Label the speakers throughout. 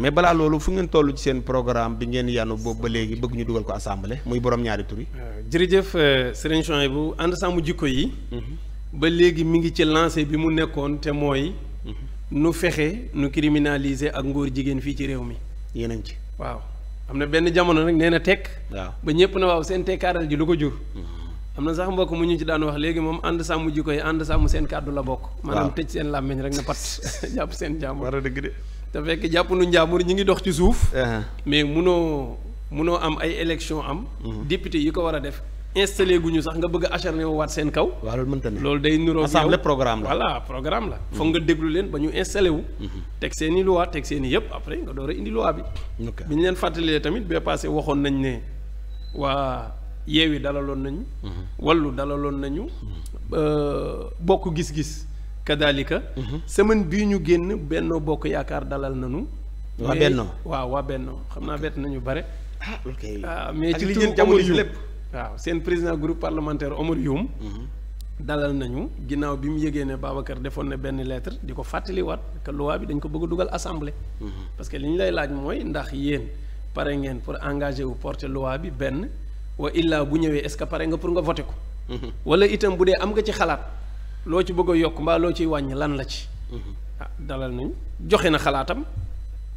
Speaker 1: mais balaa loolu fu ngeen tollu ci seen programme bi ngeen yanu boobu ba léegi bëgg ñu dugal ko assemblée muy borom ñaari tur yi. Euh, jërëjëf euh, sëriñ Chouaïbou ànd sàmm jikko yi. Mhm. ba léegi mi ngi ci lancé bi mu nekkoon te mooy. Mhm. nu fexe nu criminaliser ak ngóor jigéen fii ci réew mi. yéen ci waaw. am na benn jamono nag nee na tekk. waaw ba ñëpp na waaw seen tekkaaral ji lu ko jur. Mhm. am na sax mbokk mu ñu ci daan wax léegi moom ànd sàmm jikko yi ànd sàmm seen kàddu la bokk. waaw maanaam tëj seen làmmiñ rek na pat jàpp seen jàmm. a dëgg te fekk jàpp nu njàmbur ñu ngi dox ci suuf. Uh-huh. mais munoo munoo am ay élection am. Mm-hmm. député yi ko war a def. installé ñu sax nga bëgg a acharné waat seen kaw. waaw loolu loolu day niróo. assemblée programme la voilà programme la. foog nga déglu leen ba ñu installé wu. Mm-hmm. teg seen i loi teg seen i yëpp après nga door a indi loi bi. bi ñu leen fàttalee tamit bee passé waxoon nañ ne waa yeewi dalaloon nañu. Mm-hmm. wallu dalaloon nañu. Euh, bokk gis-gis. kadalika mhm. semaine bii ñu génn bennoo bokk yaakaar dalal nañu. waa bennoo waaw waa bennoo xam naa bett nañu bare. ah ok ah, mais ci li ngeen jamono yi lépp waaw seen président groupe parlementaire Omar Youm. Mhm. dalal nañu ginnaaw bi mu yëgee ne kër defoon na benn lettre di ko fàttaliwaat que loi bi dañ ko bëgg a dugal assemblée. Mhm. parce que li ñu lay laaj mooy ndax yéen pare ngeen pour engager wu porte loi bi benn wa illaa bu ñëwee est-ce que pare nga pour nga voter ko. wala itam bu dee am nga ci xalaat. loo ci bëgg a yokk mbaa loo ciy wàññi lan la ci mhm. ah dalal nañ joxe na xalaatam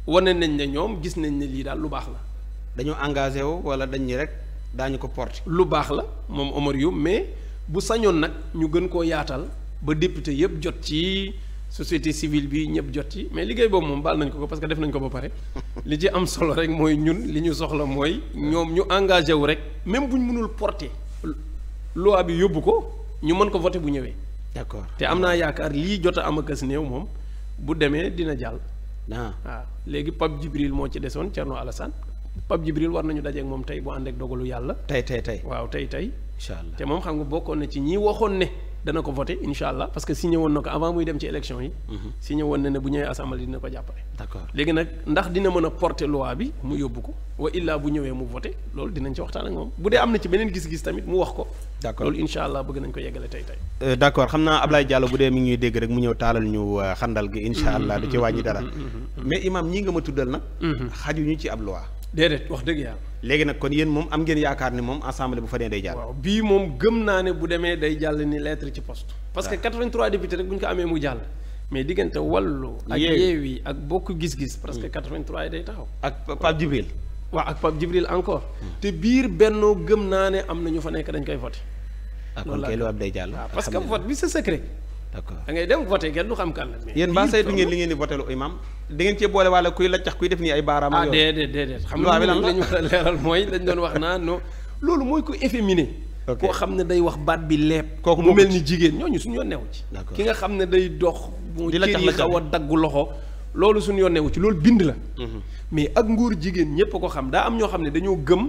Speaker 1: wane nañ ne ñoom gis nañ ne lii daal lu baax la dañoo engagé wu wala dañ ñi rek daañu ko porte lu baax la moom Omar mais bu sañoon nag ñu gën koo yaatal ba député yëpp jot ci société civile bi ñëpp jot ci mais liggéey boobu moom baal nañ ko ko parce que def nañ ko ba pare li ci am solo rek mooy ñun li ñu soxla mooy ñoom ñu engagé wu rek même bu ñu mënul porter loi bi yóbbu ko ñu mën ko voter bu ñëwee d'accord te am naa yaakaar lii jot a am akas néew moom bu demee dina jàll. Ah. waaw léegi Pape Djibril moo ci desoon Thierno Alassane Pape Djibril war nañu dajeek moom tey bu ànd ak dogalu yàlla. tey tey tey waaw tey tey. incha allah te moom xam nga bokkoon na ci ñii waxoon ne. dana ko voté incha allah parce que signé woon na ko avant muy dem ci élection yi. Mhm. signé woon na ne bu ñëwee assemblée dina ko jàppale. d'accord léegi nag ndax dina mën a porter loi bi mu yóbbu ko wa illaa bu ñëwee mu voté loolu dinañ ci waxtaan ak moom bu dee am na ci beneen gis-gis tamit mu wax ko. d'accord loolu incha allah bëgg nañ ko yeggale tey tey. Euh, d'accord xam naa Ablaye Diallo bu dee mi ngi ñuy dégg rek mu ñëw taalal ñu euh, xandal gi. incha allah mhm. du ci wàññi dara. Mhm. mais imam ñii nga ma tuddal nag. ci ab déedéet wax dëgg yàlla. léegi nag kon yéen moom am ngeen yaakaar ni moom assemblée bu fa nee day jàll. waaw bii moom gëm naa ne bu demee day jàll ni lettre ci poste. parce que 83 ah. députés rek bu ñu ko amee mu jàll. mais diggante wàllu. ak yeewi ak bokk gis-gis. parce que 83 hmm. yi day taxaw. ak Pape Djibril. waaw ak Pape Djibril encore. Hmm. te biir bennoo gëm naa ne am na ñu fa nekk dañ koy voté. Ah, loolu la ak lu ab day jàll. Ah, parce que vote bi c'est secret. d'accord da ngay dem voté kenn du xam kan la. yéen mbaa saytu ngeen li ngeen di voté lu imam da ngeen cee boole walla kuy laccax kuy def nii ay baaraam. ak ah, yooyu ah déedéet déedéet xam nga a leeral mooy loolu mooy ko efféminé. koo xam ne day wax baat bi leeb. kooku mu mel ni jigéen ñooñu suñu yoon newu ci. ki nga xam ne day dox. di laccax la xaw a daggu loxo. loolu suñu yoon newu ci loolu bind la. Mhm. mais ak nguur jigéen ñépp ko xam daa am ñoo xam ne dañoo gëm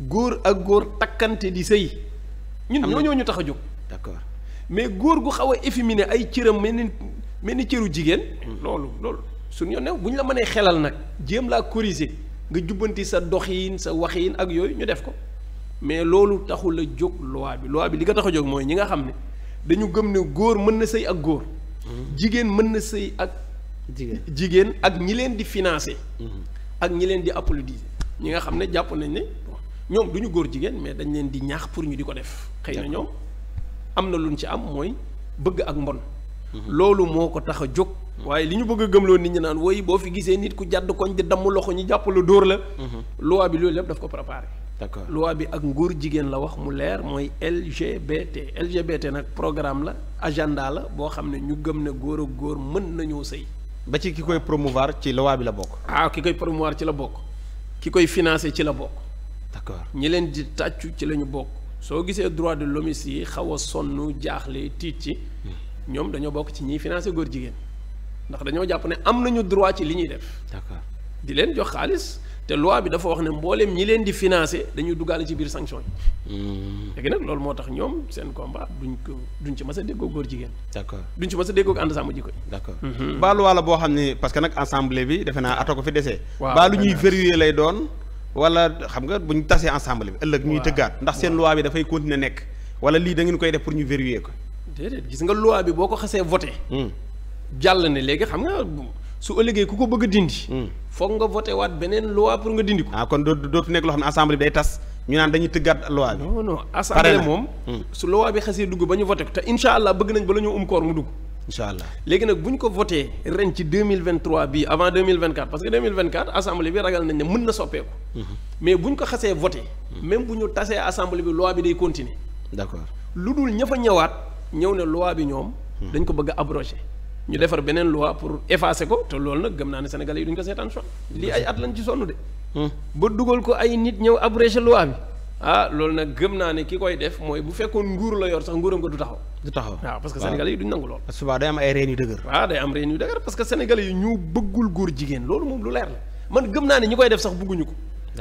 Speaker 1: góor ak góor takkante di sëy ñun ñoo ñu tax a jóg d'accord mais góor gu xaw a efféminé ay cëram mel ni mel ni cëru jigéen. loolu loolu suñu yoon bu ñu la mënee xelal nag jéem laa corriger nga jubbanti sa doxiin sa waxiin ak yooyu ñu def ko mais loolu taxul a jóg loi bi loi bi li ko tax a jóg mooy ñi nga xam ne dañu gëm ne góor mën na sëy ak góor. jigéen mën na sëy ak. jigéen jigéen ak ñi leen di financer. Mm-hmm. ak ñi leen di applaudiser ñi nga xam ne jàpp nañ ne ñoom duñu góor jigéen mais dañ leen di ñaax pour ñu di ko def. xëy na ñoom. am na luñ ci am mooy bëgg ak mbon mhm. loolu moo ko tax a jóg mhm. waaye li ñu bëgg a gëmloo nit ñi naan woy boo fi gisee nit ku jàdd koñ di damm loxo ñu jàpp dóor la mhm. loi bi loolu lépp daf ko préparé d'accord loi bi ak nguur jigéen la wax mu leer mooy LGBT LGBT nag programme la agenda la boo xam ne ñu gëm ne góor ak góor mën nañoo sëy ba ci ki koy promouvoir ci loi bi la bokk ah ki koy promouvoir ci la bokk ki koy financé ci la bokk d'accord ñi leen di tàccu ci la ñu bokk soo gisee droit de l'homme yi xaw a sonn jaaxle tiit ci ñoom dañoo bokk ci ñiy financé góor jigéen ndax dañoo jàpp ne am nañu droit ci li ñuy def. d'accord di leen jox xaalis te loi bi dafa wax ne mbooleem ñi leen di financer dañuy duggaale ci biir sanction yi. Hmm. léegi nag loolu moo tax ñoom seen combat duñ ko duñ ci mës a déggoo góor jigéen. d'accord duñ ci mës a déggoo ànd sàmm jikko yi. d'accord mhm. baalu boo xam ne parce que nag assemblée bi defe naa ato ko fi desee. waaw lay doon. wala xam nga bu ñu tasee ensemble bi ëllëg ñuy tëggaat ndax seen loi bi dafay continuer nekk wala lii da ngeen koy def pour ñu verrouiller ko déedéet gis nga loi bi boo ko xasee voté hmm. jàll ne léegi xam nga su ëllëgee ku ko bëgg dindi hmm. foog nga voté waat beneen loi pour nga dindi ko ah kon dootu nekk loo xam ne ensemble bi day tas ñu naan dañuy tëggaat loi bi non non moom hmm. su loi bi xasee dugg ba ñu voté ko te incha allah bëgg nañ ba la ñu um koor mu dugg incha allah léegi nag bu ñu ko voté ren ci deux mille vingt trois bii avant deux mille vingt quatre parce que deux mille vingt quatre assemblée bi ragal nañ ne mën na soppeeku. Mhm. mais bu ñu ko xasee voté. Mhm. même bu ñu tasee assemblée bi loi bi day continuer. d' accord lu dul ña fa ñëwaat ñëw ne loi bi ñoom. Mhm. dañ ko bëgg a ñu defar beneen loi pour effacer ko te loolu nag gëm naa ne sénégal yi duñ ko seetaan sonn lii ay at lañ ci sonn de. ba dugal ko ay nit ñëw abrogé loi bi. ah loolu nag gëm naa ne ki koy def mooy bu fekkoon nguur la yor sax nguuram ko du taxaw. du taxaw waaw parce que sénégalais yi duñ nangu lool. souvent day am ay reen yu dëgër. waaw day am reen yu dëgër parce que sénégalais yi ñu bëggul góor jigéen loolu moom lu leer la man gëm naa ne ñi koy def sax bëgguñu ko.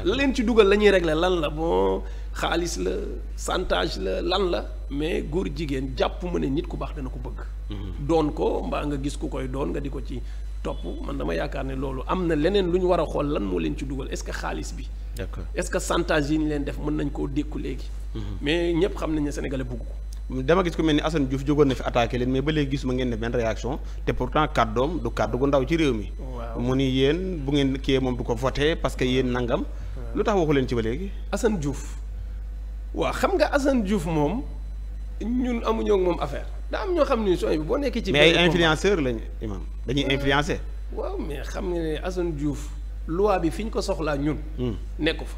Speaker 1: la leen ci dugal la rek régler lan la bon xaalis la santage la lan la mais góor jigéen jàpp ma ne nit ku baax dana ko bëgg. Mhm. doon ko mbaa nga gis ku koy doon nga di ko ci topp man dama yaakaar ne loolu am na leneen lu ñu war a xool lan moo leen ci dugal est-ce que xaalis bi d'accord est-ce que chantage yi ñu leen def mën nañ koo dékku léegi. Mhm. mais ñëpp xam nañ ne sénégalais bugg ko. dama gis ku mel ni Assane Diouf jógoon na fi attaqué leen mais ba léegi gisuma ngeen def benn réaction te pourtant kàddoom du kàddu mi. mu ni yéen bu ngeen kii moom du ko voté parce que yéen nangam. lu tax waxu leen ci ba léegi. Assane Diouf waaw xam nga Assane Diouf moom ñun amuñoo ak moom affaire daa am ñoo xam ni sooy boo nekkee ci. mais ay influenceur lañu imam dañuy influencer. waaw mais xam nga ne Assane Diouf loi bi fi ñu ko soxlaa ñun. Hmm. nekk fa.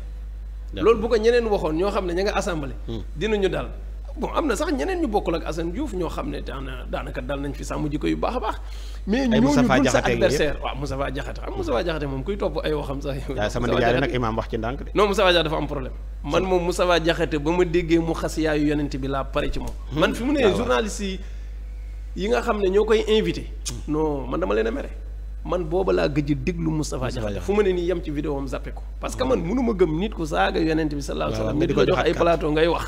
Speaker 1: loolu bu ko ñeneen waxoon ñoo xam ne ña nga assemblée. Hmm. ñu dal bon am na sax ñeneen ñu bokk ak Assane Diouf ñoo xam ne daana daanaka dal nañ fi sàmm ko yu baax baax. mais ñooñu dul sa adversaire waaw Moustapha Diakhaté xam Moustapha Diakhaté moom kuy topp ay waxam sax. waaw sama nijaay nag imaam wax ci ndànk de. non Moustapha Diakhaté dafa am problème. man moom Moustapha Diakhaté ba ma déggee mu xas yaayu yonent bi laa pare ci moom. Hmm. man fi mu ne journaliste yi nga xam ne ñoo koy invité. non man dama leen a mere man booba laa gëj diglu déglu Moustapha Diakhaté fu ma ne nii yem ci vidéo am zappé ko parce que man mënu ma gëm nit ku saaga yonent bi sallallahu alayhi wa sallam mais di ko jox ay plateau ngay wax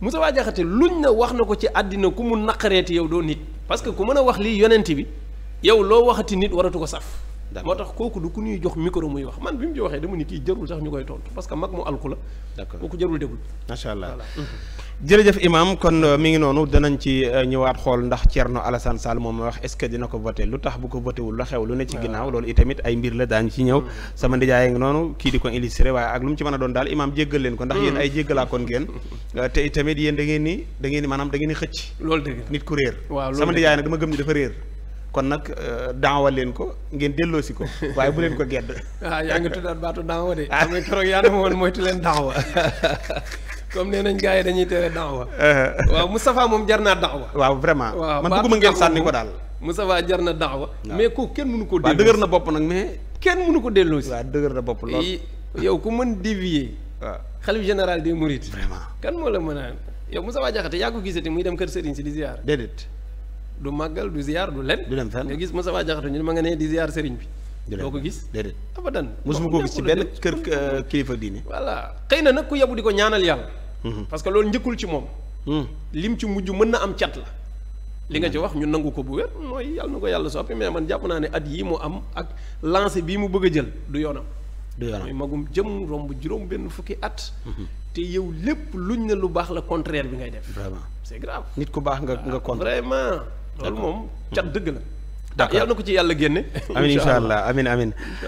Speaker 1: Moustapha Diakhaté luñ na wax na ko ci àddina ku mu naqareeti yow doo nit parce que ku mën a wax lii yonent bi yow loo waxati nit waratu ko saf moo tax kooku du ku ñuy jox micro muy wax man bi mu ci waxee dama ni kii jarul sax ñu koy tontu parce que mag mu alku la d'accord kooku jarul déglu macha allah mm-hmm. Mm-hmm. jërëjëf imam kon euh, mi ngi noonu danañ ci euh, ñëwaat xool ndax Thierno Alassane Sall moom wax est-ce que dina ko voté lu tax bu ko voté wul la xew lu ne ci ginnaaw loolu itamit ay mbir la daañu ci ñëw mm-hmm. sama ndijaay ngi noonu kii di ko illustré waaye ak lu mu ci mën a doon daal imam jéggal leen ko ndax yéen ay jéggalaakoon ngeen euh, te itamit yéen da ngeen ni da ngeen ni da ngeen ni xëcc loolu dëgg nit ku réer sama ndijaay nag dama gëm ni dafa réer kon nag euh, daawa leen ko ngeen delloosi ko waaye bu leen ko gedd waaw ah, yaa ngi tuddaat baatu daawa de ah. xam nga keroog yaa ne ma woon moytu leen daawa comme nee nañ gars yi dañuy tere daawa uh-huh. waaw Moustapha moom jar naa daawa waaw vraiment man bëgguma ngeen sànni ko daal Moustapha jar na daawa mais kooku kenn mënu ko delloosi dëgër na bopp nag mais kenn mënu ko delloosi waaw dëgër na bopp lool eh, yow ku mën dévier waaw xalif général des mourides vraiment kan moo la mën a yow Moustapha Diakhaté yaa ko gisati muy dem kër Serigne si du màggal du ziar du len du dem fenn nga gis Moustapha Diakhaté ñu ma nga ne di ziar sëriñ bi. doo ko gis déedéet abadan mosuma koo gis ci benn kër euh, kilifa diine voilà xëy na nag ku yebu di ko ñaanal yàlla mm-hmm. parce que loolu njëkkul ci moom mm. lim ci mujj mën na am cat la li nga ci mm-hmm. wax ñu nangu ko bu wér mooy yàlla na ko yàlla soppi mais man jàpp naa ne at yii mu am ak lancé bii mu bëgg a jël du yoonam du yoonam mooy magum jëm romb juróom benn fukki at mm-hmm. te yow lépp luñ ne lu baax la contraire bi ngay def vraiment c'est grave ku baax nga nga contre vraiment loolu moom cat dëgg la. yàlla na ko ci yàlla génne. amiin incha allah amiin amiin